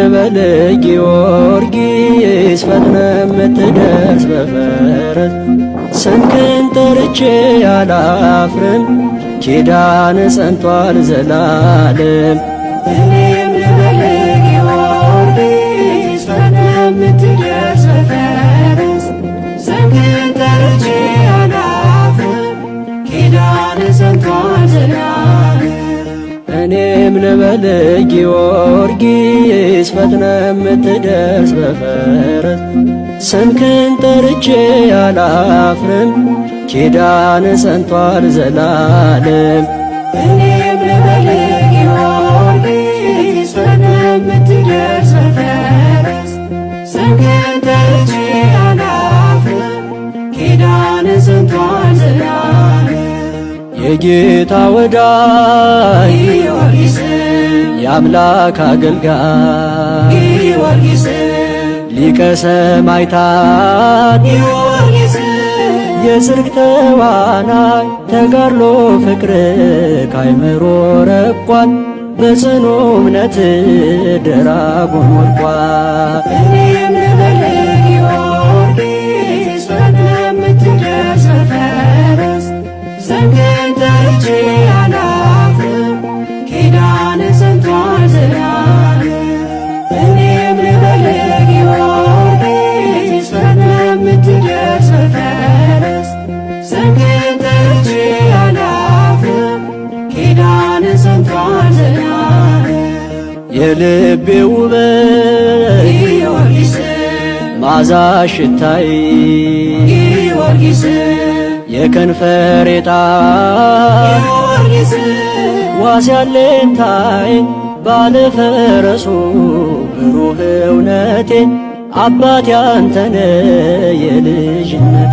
እንበል ጊዮርጊስ ፈጥነ የምትደርስ በፈረስ ስምህን ጠርቼ አላፍርም ኪዳን ጸንቷል ዘላለም ጊዮርጊስ ፈጥነ የምትደርስ በፈረስ ስምህን ጠርቼ አላፍርም ኪዳን ሰንቷል ዘላለም እኔም ልበል ጊዮርጊስ ፈጥነ የምትደርስ በፈረስ ጠርቼ አላፍርም ኪዳን ዘላለም የጌታ ወዳይ የአምላክ አገልጋይ ጊዮርጊስ ሊቀ ሰማዕታት ጊዮርጊስ የጽድቅ ተዋናይ ተጋድሎ ፍቅር ካይምሮ ረቋል በጽኑ እምነት ደራጉን ወድቋል። እኔም ልበል ጊዮርጊስ ፈጥነህ የምትደርስ ፈረስ ዘንግተህ የልቤ ውበት ማዛ ሽታይ የከንፈሬ ጣዕም ዋስ ያለን ባለፈረሱ ብሩህ እውነቴ አባት ያንተነ የልጅነቴ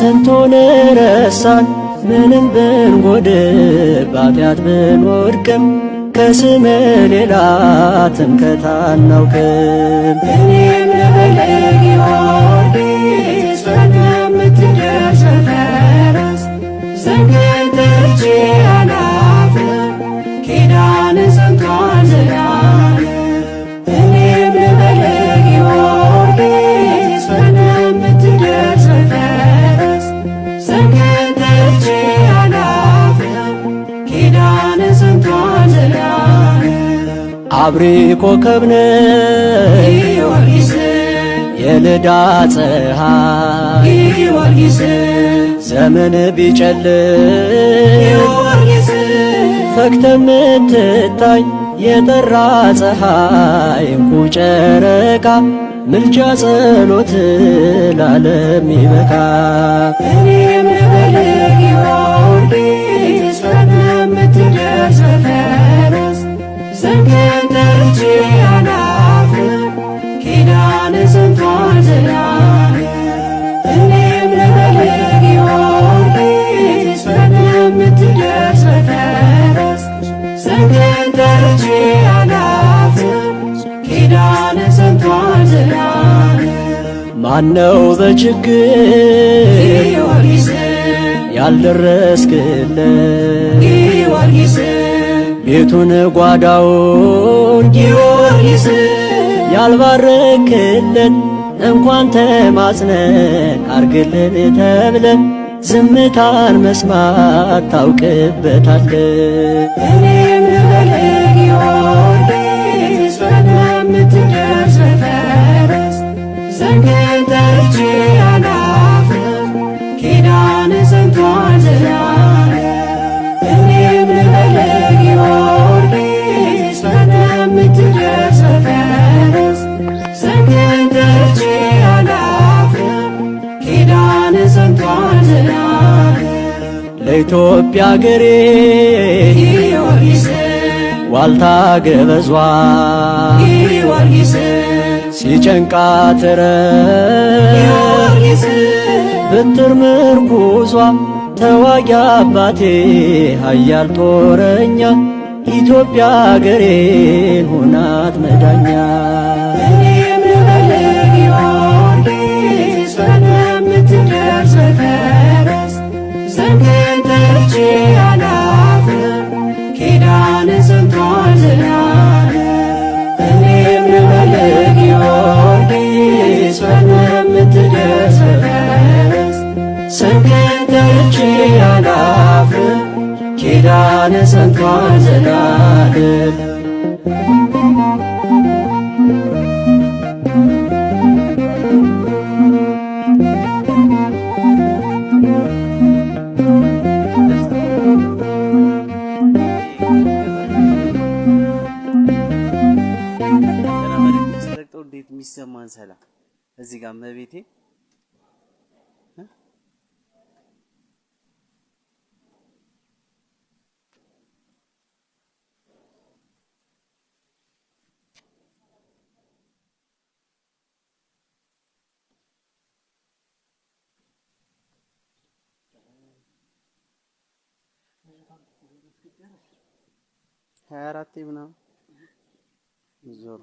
ሰንቶ ረሳን። ምንም ብንጎድል በኃጢአት ብንወድቅም ከስም ሌላ ትምክህት አናውቅም። አብሪ ኮከብነ ጊዮርጊስ የልዳ ፀሐይ ዘመን ቢጨል ፈክተ ምትታይ የጠራ ፀሐይ እንቁ ጨረቃ ምልጃ ጸሎት ላለም ይበካ እኔም እንጂ ማነው በችግር ያልደረስክለት ጊዮርጊስ ቤቱን ጓዳውን ጊዮርጊስ ያልባረክልን እንኳን ተማጽነ አርግልን ተብለ ዝምታን መስማት ታውቅበታል። እኔም ልበል ጊዮርጊስ ስንቷንና ለኢትዮጵያ አገሬ ጊዮርጊስ ዋልታ ገበዟ ጊዮርጊስ ሲጨንቃት ጊዮርጊስ ብትር ምርኩዟ ተዋጊ አባቴ ኃያል ጦረኛ ኢትዮጵያ አገሬን ሁናት መዳኛ እንዴት የሚሰማን ሰላም እዚህ ጋር መቤቴ হ্যাঁ রাত্রি না জোর